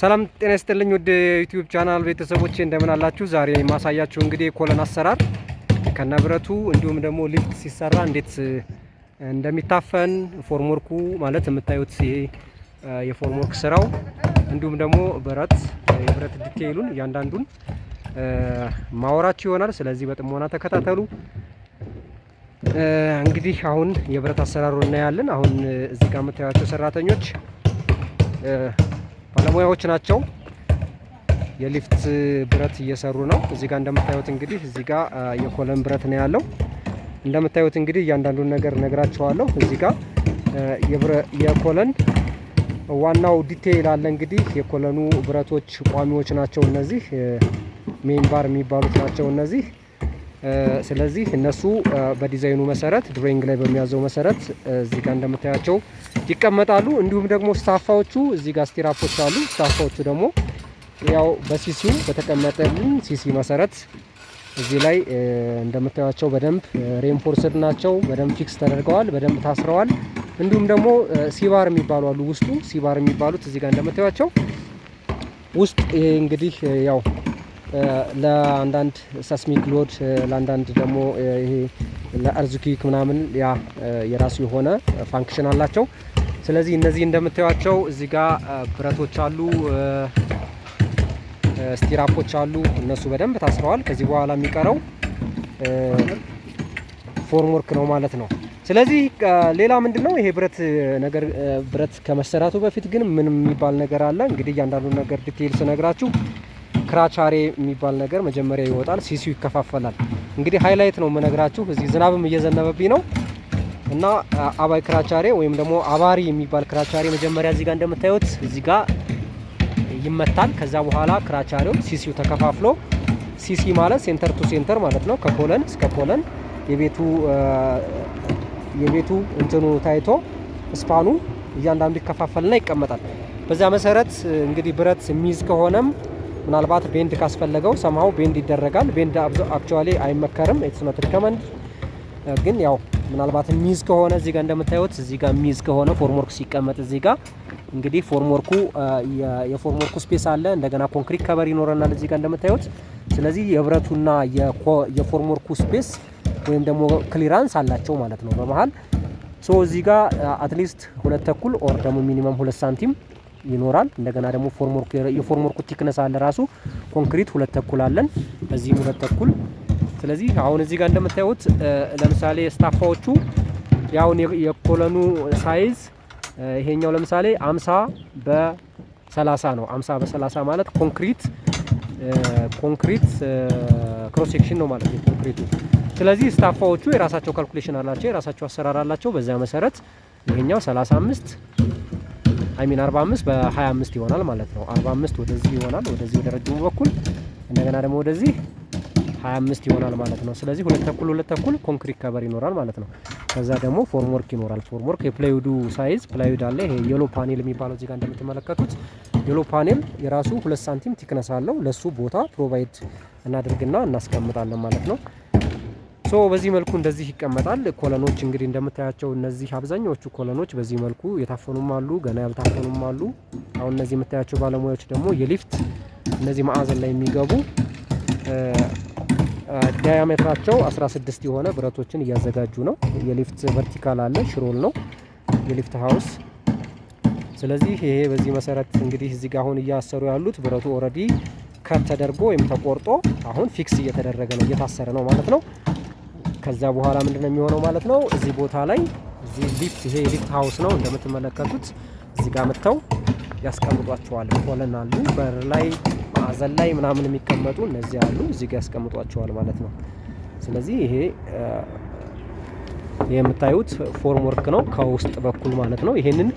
ሰላም ጤና ይስጥልኝ። ወደ ዩቲዩብ ቻናል ቤተሰቦቼ እንደምን አላችሁ? ዛሬ የማሳያችሁ እንግዲህ የኮለን አሰራር ከነብረቱ እንዲሁም ደግሞ ሊፍት ሲሰራ እንዴት እንደሚታፈን ፎርምወርኩ ማለት የምታዩት ይሄ የፎርምወርክ ስራው እንዲሁም ደግሞ ብረት የብረት ዲቴይሉን እያንዳንዱን ማወራችሁ ይሆናል። ስለዚህ በጥሞና ተከታተሉ። እንግዲህ አሁን የብረት አሰራሩ እናያለን። አሁን እዚህ ጋር የምታያቸው ሰራተኞች ባለሙያዎች ናቸው። የሊፍት ብረት እየሰሩ ነው። እዚህ ጋር እንደምታዩት እንግዲህ እዚህ ጋር የኮለን ብረት ነው ያለው። እንደምታዩት እንግዲህ እያንዳንዱን ነገር ነግራቸዋለሁ። እዚህ ጋር የኮለን ዋናው ዲቴይል አለ። እንግዲህ የኮለኑ ብረቶች ቋሚዎች ናቸው እነዚህ ሜን ባር የሚባሉት ናቸው እነዚህ ስለዚህ እነሱ በዲዛይኑ መሰረት ድሮይንግ ላይ በሚያዘው መሰረት እዚህ ጋር እንደምታያቸው ይቀመጣሉ። እንዲሁም ደግሞ ስታፋዎቹ እዚህ ጋር ስቲራፖች አሉ። ስታፋዎቹ ደግሞ ያው በሲሲ በተቀመጠልን ሲሲ መሰረት እዚህ ላይ እንደምታያቸው በደንብ ሬንፎርስድ ናቸው። በደንብ ፊክስ ተደርገዋል። በደንብ ታስረዋል። እንዲሁም ደግሞ ሲባር የሚባሉ አሉ። ውስጡ ሲባር የሚባሉት እዚህ ጋር እንደምታያቸው ውስጥ ይሄ እንግዲህ ያው ለአንዳንድ ሰስሚክ ሎድ ለአንዳንድ ደግሞ ይሄ ለእርዝኪክ ምናምን ያ የራሱ የሆነ ፋንክሽን አላቸው። ስለዚህ እነዚህ እንደምታዩቸው እዚህ ጋር ብረቶች አሉ፣ ስቲራፖች አሉ። እነሱ በደንብ ታስረዋል። ከዚህ በኋላ የሚቀረው ፎርምወርክ ነው ማለት ነው። ስለዚህ ሌላ ምንድን ነው ይሄ ብረት ነገር ብረት ከመሰራቱ በፊት ግን ምን የሚባል ነገር አለ? እንግዲህ እያንዳንዱ ነገር ዲቴይል ስነግራችሁ? ክራቻሬ የሚባል ነገር መጀመሪያ ይወጣል። ሲሲው ይከፋፈላል። እንግዲህ ሃይላይት ነው የምነግራችሁ። እዚህ ዝናብም እየዘነበብኝ ነው እና አባይ ክራቻሬ ወይም ደግሞ አባሪ የሚባል ክራቻሬ መጀመሪያ እዚህ ጋር እንደምታዩት እዚህ ጋር ይመታል። ከዛ በኋላ ክራቻሬው ሲሲው ተከፋፍሎ ሲሲ ማለት ሴንተር ቱ ሴንተር ማለት ነው። ከኮለን እስከ ኮለን የቤቱ የቤቱ እንትኑ ታይቶ ስፓኑ እያንዳንዱ ይከፋፈልና ይቀመጣል። በዛ መሰረት እንግዲህ ብረት የሚይዝ ከሆነም ምናልባት ቤንድ ካስፈለገው ሰማው ቤንድ ይደረጋል። ቤንድ አክቹዋሊ አይመከርም። ኢትስ ኖት ሪከመንድ ግን ያው ምናልባት ሚዝ ከሆነ እዚህ ጋር እንደምታዩት እዚህ ጋር ሚዝ ከሆነ ፎርምወርክ ሲቀመጥ እዚህ ጋር እንግዲህ ፎርምወርኩ የፎርምወርኩ ስፔስ አለ። እንደገና ኮንክሪት ከበር ይኖረናል እዚህ ጋር እንደምታዩት። ስለዚህ የብረቱና የፎርምወርኩ ስፔስ ወይም ደግሞ ክሊራንስ አላቸው ማለት ነው በመሀል ሶ እዚህ ጋር አትሊስት ሁለት ተኩል ኦር ደግሞ ሚኒመም ሁለት ሳንቲም ይኖራል። እንደገና ደግሞ ፎርምወርኩ የፎርምወርኩ ቲክነስ አለ ራሱ ኮንክሪት ሁለት ተኩል አለን፣ በዚህም ሁለት ተኩል። ስለዚህ አሁን እዚህ ጋር እንደምታዩት ለምሳሌ ስታፋዎቹ ያሁን የኮለኑ ሳይዝ ይሄኛው ለምሳሌ 50 በ30 ነው። 50 በ30 ማለት ኮንክሪት ኮንክሪት ክሮስ ሴክሽን ነው ማለት ነው ኮንክሪቱ። ስለዚህ ስታፋዎቹ የራሳቸው ካልኩሌሽን አላቸው፣ የራሳቸው አሰራር አላቸው። በዛ መሰረት ይሄኛው 35 አይሚን 45 በ25 ይሆናል ማለት ነው። 45 ወደዚህ ይሆናል ወደዚህ ወደ ረጅሙ በኩል እንደገና ደግሞ ወደዚህ 25 ይሆናል ማለት ነው። ስለዚህ ሁለት ተኩል ሁለት ተኩል ኮንክሪት ከበር ይኖራል ማለት ነው። ከዛ ደግሞ ፎርምወርክ ይኖራል። ፎርምወርክ የፕላይውዱ ሳይዝ ፕላይውድ አለ። ይሄ የሎ ፓኔል የሚባለው እዚህ ጋር እንደምትመለከቱት የሎ ፓኔል የራሱ ሁለት ሳንቲም ቲክነስ አለው። ለሱ ቦታ ፕሮቫይድ እናደርግና እናስቀምጣለን ማለት ነው። ሶ በዚህ መልኩ እንደዚህ ይቀመጣል። ኮለኖች እንግዲህ እንደምታያቸው እነዚህ አብዛኛዎቹ ኮለኖች በዚህ መልኩ የታፈኑም አሉ፣ ገና ያልታፈኑም አሉ። አሁን እነዚህ የምታያቸው ባለሙያዎች ደግሞ የሊፍት እነዚህ ማዕዘን ላይ የሚገቡ ዳያሜትራቸው 16 የሆነ ብረቶችን እያዘጋጁ ነው። የሊፍት ቨርቲካል አለ፣ ሽሮል ነው የሊፍት ሀውስ። ስለዚህ ይሄ በዚህ መሰረት እንግዲህ እዚህ ጋር አሁን እያሰሩ ያሉት ብረቱ ኦልሬዲ ከት ተደርጎ ወይም ተቆርጦ አሁን ፊክስ እየተደረገ ነው፣ እየታሰረ ነው ማለት ነው። ከዛ በኋላ ምንድነው የሚሆነው ማለት ነው። እዚህ ቦታ ላይ እዚህ ሊፍት ይሄ ሊፍት ሀውስ ነው እንደምትመለከቱት እዚህ ጋር መጥተው ያስቀምጧቸዋል። ኮለን አሉ በር ላይ ማዕዘን ላይ ምናምን የሚቀመጡ እነዚህ አሉ እዚህ ጋር ያስቀምጧቸዋል ማለት ነው። ስለዚህ ይሄ የምታዩት ፎርም ወርክ ነው ከውስጥ በኩል ማለት ነው። ይሄንን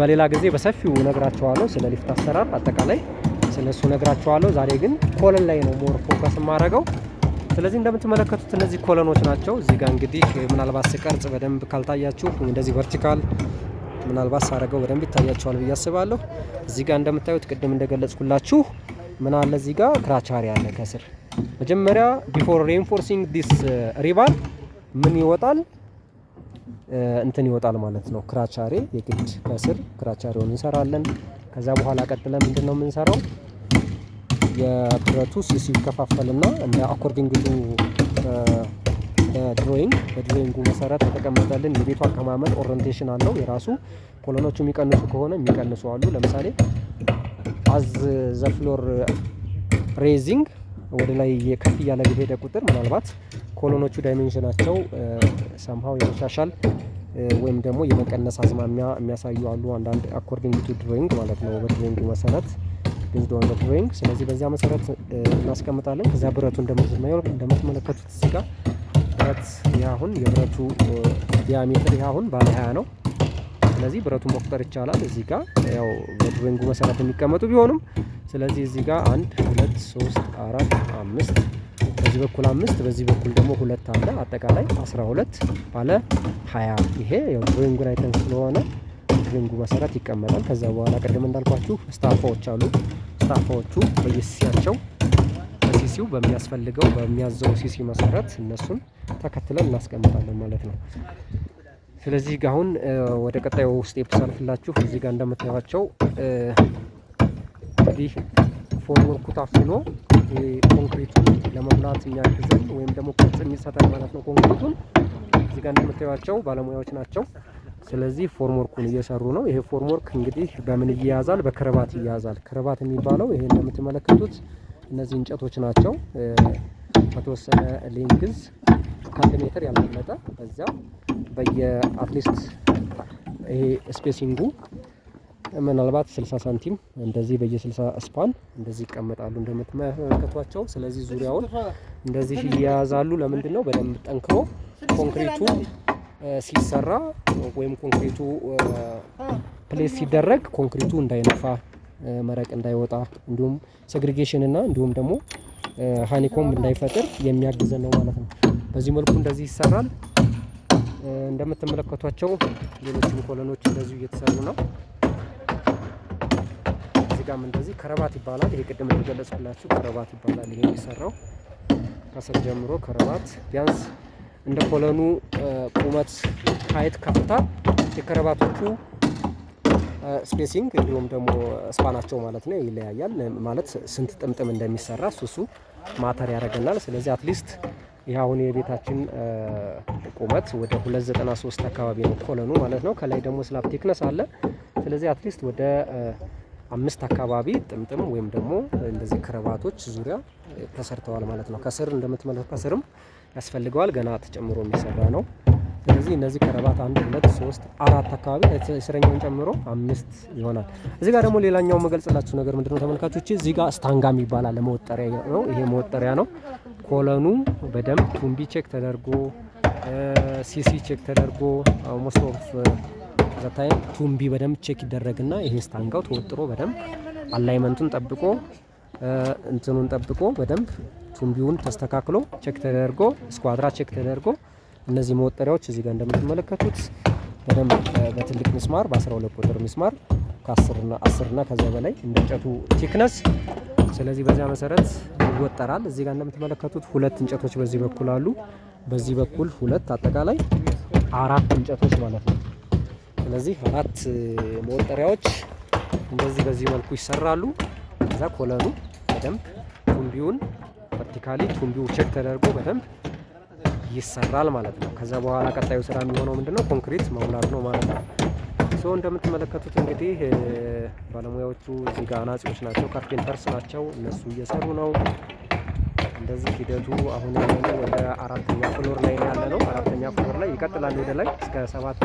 በሌላ ጊዜ በሰፊው ነግራቸዋለሁ ስለ ሊፍት አሰራር አጠቃላይ ስለ እሱ ነግራቸዋለሁ። ዛሬ ግን ኮለን ላይ ነው ሞር ፎከስ የማደርገው። ስለዚህ እንደምትመለከቱት እነዚህ ኮለኖች ናቸው። እዚህ ጋር እንግዲህ ምናልባት ስቀርጽ በደንብ ካልታያችሁ እንደዚህ ቨርቲካል ምናልባት ሳረገው በደንብ ይታያቸዋል ብዬ አስባለሁ። እዚህ ጋር እንደምታዩት ቅድም እንደገለጽኩላችሁ ምን አለ እዚህ ጋር ክራቻሪ አለ ከስር መጀመሪያ ቢፎር ሬንፎርሲንግ ዲስ ሪባን ምን ይወጣል እንትን ይወጣል ማለት ነው። ክራቻሬ የግድ ከስር ክራቻሬውን እንሰራለን። ከዛ በኋላ ቀጥለን ምንድን ነው የምንሰራው የብረቱ ሲሱ ይከፋፈልና እንደ አኮርዲንግ ቱ ድሮይንግ በድሮይንጉ መሰረት ተቀመጠልን። የቤቱ አቀማመጥ ኦሪንቴሽን አለው የራሱ። ኮሎኖቹ የሚቀንሱ ከሆነ የሚቀንሱ አሉ። ለምሳሌ አዝ ዘፍሎር ሬዚንግ ወደ ላይ ከፍ እያለ በሄደ ቁጥር ምናልባት ኮሎኖቹ ዳይሜንሽናቸው ሰምሃው የመሻሻል ወይም ደግሞ የመቀነስ አዝማሚያ የሚያሳዩ አሉ። አንዳንድ አኮርዲንግ ቱ ድሮይንግ ማለት ነው በድሮይንጉ መሰረት ቤዝድ ኦን ድሮይንግ። ስለዚህ በዚያ መሰረት እናስቀምጣለን። ከዚያ ብረቱ እንደምትመለከቱት እዚህ ጋር ብረት ይህ አሁን የብረቱ ዲያሜትር ይህ አሁን ባለ ሀያ ነው። ስለዚህ ብረቱን መቁጠር ይቻላል። እዚህ ጋር ያው በድሮይንጉ መሰረት የሚቀመጡ ቢሆኑም ስለዚህ እዚህ ጋር አንድ ሁለት ሶስት አራት አምስት በዚህ በኩል አምስት በዚህ በኩል ደግሞ ሁለት አለ። አጠቃላይ አስራ ሁለት ባለ ሀያ ይሄ ያው ድሮይንጉን አይተን ስለሆነ በሪንጉ መሰረት ይቀመጣል። ከዛ በኋላ ቅድም እንዳልኳችሁ ስታፋዎች አሉ። ስታፋዎቹ በየሲሲያቸው በሲሲው በሚያስፈልገው በሚያዘው ሲሲ መሰረት እነሱን ተከትለን እናስቀምጣለን ማለት ነው። ስለዚህ አሁን ወደ ቀጣዩ ስቴፕ ሳልፍላችሁ እዚህ ጋር እንደምታዩቸው እንግዲህ ፎርወርኩ ታፍኖ ኮንክሪቱን ለመሙላት የሚያግዝን ወይም ደግሞ ቅርጽ የሚሰጠን ማለት ነው። ኮንክሪቱን እዚህ ጋር እንደምታዩቸው ባለሙያዎች ናቸው። ስለዚህ ፎርምወርኩን እየሰሩ ነው። ይሄ ፎርምወርክ እንግዲህ በምን ይያዛል? በክርባት ይያዛል። ክርባት የሚባለው ይሄ እንደምትመለከቱት እነዚህ እንጨቶች ናቸው። በተወሰነ ሌንግዝ ከአንድ ሜትር ያልበለጠ በዚያ በየአትሊስት ይሄ ስፔሲንጉ ምናልባት 60 ሳንቲም እንደዚህ በየ60 ስፓን እንደዚህ ይቀመጣሉ እንደምትመለከቷቸው። ስለዚህ ዙሪያውን እንደዚህ ይያያዛሉ። ለምንድን ነው በደንብ ጠንክሮ ኮንክሪቱ ሲሰራ ወይም ኮንክሪቱ ፕሌስ ሲደረግ ኮንክሪቱ እንዳይነፋ መረቅ እንዳይወጣ እንዲሁም ሴግሪጌሽን እና እንዲሁም ደግሞ ሀኒኮም እንዳይፈጥር የሚያግዘን ነው ማለት ነው። በዚህ መልኩ እንደዚህ ይሰራል። እንደምትመለከቷቸው ሌሎችም ኮለኖች እንደዚሁ እየተሰሩ ነው። እዚህ ጋም እንደዚህ ከረባት ይባላል። ይሄ ቅድም እንደገለጽኩላችሁ ከረባት ይባላል። ይሄ የሚሰራው ከስር ጀምሮ ከረባት ቢያንስ እንደ ኮለኑ ቁመት ሀይት ከፍታ የከረባቶቹ ስፔሲንግ እንዲሁም ደግሞ ስፓናቸው ማለት ነው ይለያያል። ማለት ስንት ጥምጥም እንደሚሰራ ሱሱ ማተር ያደርገናል። ስለዚህ አትሊስት ይህ አሁን የቤታችን ቁመት ወደ 293 አካባቢ ነው ኮለኑ ማለት ነው። ከላይ ደግሞ ስላብ ቴክነስ አለ። ስለዚህ አትሊስት ወደ አምስት አካባቢ ጥምጥም ወይም ደግሞ እንደዚህ ክረባቶች ዙሪያ ተሰርተዋል ማለት ነው። ከስር እንደምትመለከ ከስርም ያስፈልገዋል። ገና ተጨምሮ የሚሰራ ነው። ስለዚህ እነዚህ ከረባት አንድ ሁለት ሶስት አራት አካባቢ እስረኛውን ጨምሮ አምስት ይሆናል። እዚህ ጋር ደግሞ ሌላኛው መገልጽላችሁ ነገር ምንድነው ተመልካቾች፣ እዚህ ጋር ስታንጋ የሚባል ለመወጠሪያ ነው። ይሄ መወጠሪያ ነው። ኮለኑ በደንብ ቱምቢ ቼክ ተደርጎ ሲሲ ቼክ ተደርጎ ሞስት ኦፍ ቱምቢ በደንብ ቼክ ይደረግና ይሄ ስታንጋው ተወጥሮ በደንብ አላይመንቱን ጠብቆ እንትኑን ጠብቆ በደንብ ቱምቢውን ተስተካክሎ ቼክ ተደርጎ ስኳድራ ቼክ ተደርጎ እነዚህ መወጠሪያዎች እዚህ ጋር እንደምትመለከቱት በደንብ በትልቅ ሚስማር በ12 ቁጥር ሚስማር ከ10ና 10ና ከዚያ በላይ እንደ እንጨቱ ቲክነስ ስለዚህ በዚያ መሰረት ይወጠራል። እዚህ ጋር እንደምትመለከቱት ሁለት እንጨቶች በዚህ በኩል አሉ። በዚህ በኩል ሁለት አጠቃላይ አራት እንጨቶች ማለት ነው። ስለዚህ አራት መወጠሪያዎች እንደዚህ በዚህ መልኩ ይሰራሉ። ከዛ ኮለኑ በደንብ ቱምቢውን ቨርቲካሊ ቱምቢው ቼክ ተደርጎ በደንብ ይሰራል ማለት ነው። ከዛ በኋላ ቀጣዩ ስራ የሚሆነው ምንድነው? ኮንክሪት መሙላት ነው ማለት ነው። ሶ እንደምትመለከቱት እንግዲህ ባለሙያዎቹ እዚህ ጋ አናጺዎች ናቸው፣ ካርፔንተርስ ናቸው። እነሱ እየሰሩ ነው። እንደዚህ ሂደቱ አሁን ያለነው ወደ አራተኛ ፍሎር ላይ ያለ ነው። አራተኛ ፍሎር ላይ ይቀጥላል ወደ ላይ እስከ ሰባት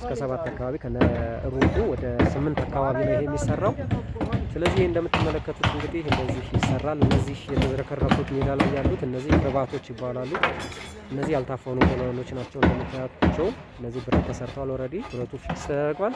እስከ ሰባት አካባቢ ከነ ሩቁ ወደ ስምንት አካባቢ ነው ይሄ የሚሰራው። ስለዚህ እንደምትመለከቱት እንግዲህ እንደዚህ ይሰራል። እነዚህ የተዝረከረኩት ሜዳ ላይ ያሉት እነዚህ ርባቶች ይባላሉ። እነዚህ ያልታፈኑ ኮሎኖች ናቸው። እንደምታያቸው እነዚህ ብረት ተሰርተዋል። ኦልሬዲ ብረቱ ፊክስ ተደርጓል።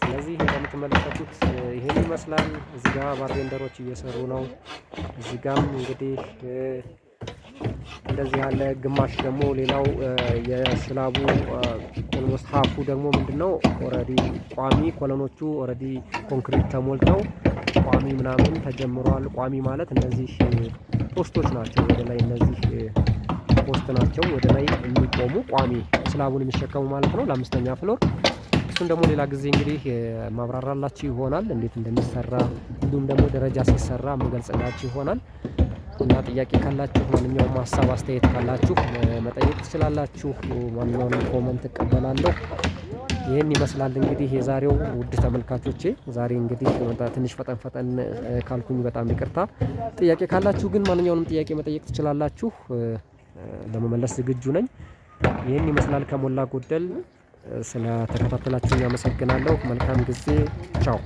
ስለዚህ እንደምትመለከቱት ይህን ይመስላል። እዚህ ጋ ባርቤንደሮች እየሰሩ ነው። እዚህ ጋም እንግዲህ እንደዚህ ያለ ግማሽ ደግሞ ሌላው የስላቡ ኦልሞስት ሀፉ ደግሞ ምንድን ነው ኦልሬዲ ቋሚ ኮለኖቹ ኦልሬዲ ኮንክሪት ተሞልተው ቋሚ ምናምን ተጀምሯል። ቋሚ ማለት እነዚህ ፖስቶች ናቸው፣ ወደ ላይ እነዚህ ፖስት ናቸው ወደ ላይ የሚቆሙ ቋሚ ስላቡን የሚሸከሙ ማለት ነው፣ ለአምስተኛ ፍሎር። እሱን ደግሞ ሌላ ጊዜ እንግዲህ ማብራራላችሁ ይሆናል፣ እንዴት እንደሚሰራ እንዲሁም ደግሞ ደረጃ ሲሰራ የምገልጽላችሁ ይሆናል። እና ጥያቄ ካላችሁ ማንኛውም ሀሳብ አስተያየት ካላችሁ መጠየቅ ትችላላችሁ። ማንኛውንም ኮመንት እቀበላለሁ። ይህን ይመስላል እንግዲህ የዛሬው ውድ ተመልካቾቼ። ዛሬ እንግዲህ ትንሽ ፈጠን ፈጠን ካልኩኝ በጣም ይቅርታ። ጥያቄ ካላችሁ ግን ማንኛውንም ጥያቄ መጠየቅ ትችላላችሁ፣ ለመመለስ ዝግጁ ነኝ። ይህን ይመስላል ከሞላ ጎደል። ስለተከታተላችሁ አመሰግናለሁ። መልካም ጊዜ። ቻው